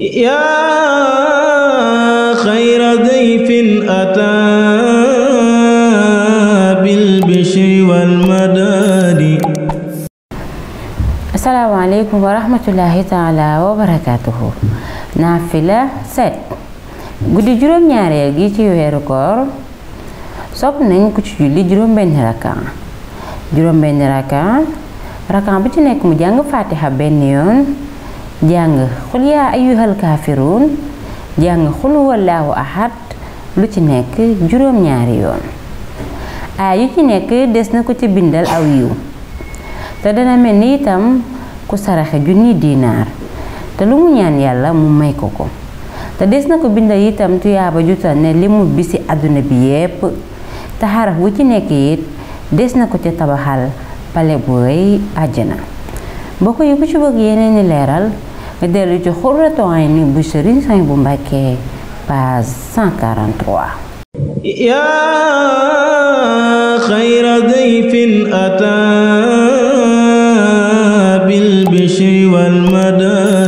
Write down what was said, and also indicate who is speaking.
Speaker 1: yaa xayra dayfin ataa bil bishri wal madaadi
Speaker 2: assalaamu aleykum wa rahmatullahi wa barakaatuhu naafila set guddi juróom ñaareel gi ci weeru koor sopp nañ ku ci julli juróom benn rakan juróom benn rakan rakan bu ci nekk mu jàng faatiha benn yoon jàng xul yaa ayyuhal kaafiruun jàng xul huwallaahu ahad lu ci nekk juróom-ñaari yoon aay yu ci nekk des na ko ci bindal aw yiw te dana mel ni itam ku saraxe ni dinaar te lu mu ñaan yàlla mu may ko ko te des na ko bindal itam tuyaaba jutal ne li mu bisi àdduna bi yépp te xaraf wu ci nekk it des na ko ci tabaxal pale bu rëy àjjana yi ku ci bëgg yeneen leeral dellu ci xurratu ayni bu sëriñ Sañ bu Mbàkke page 143
Speaker 1: yaa xayra ataa bil bishri wal madaa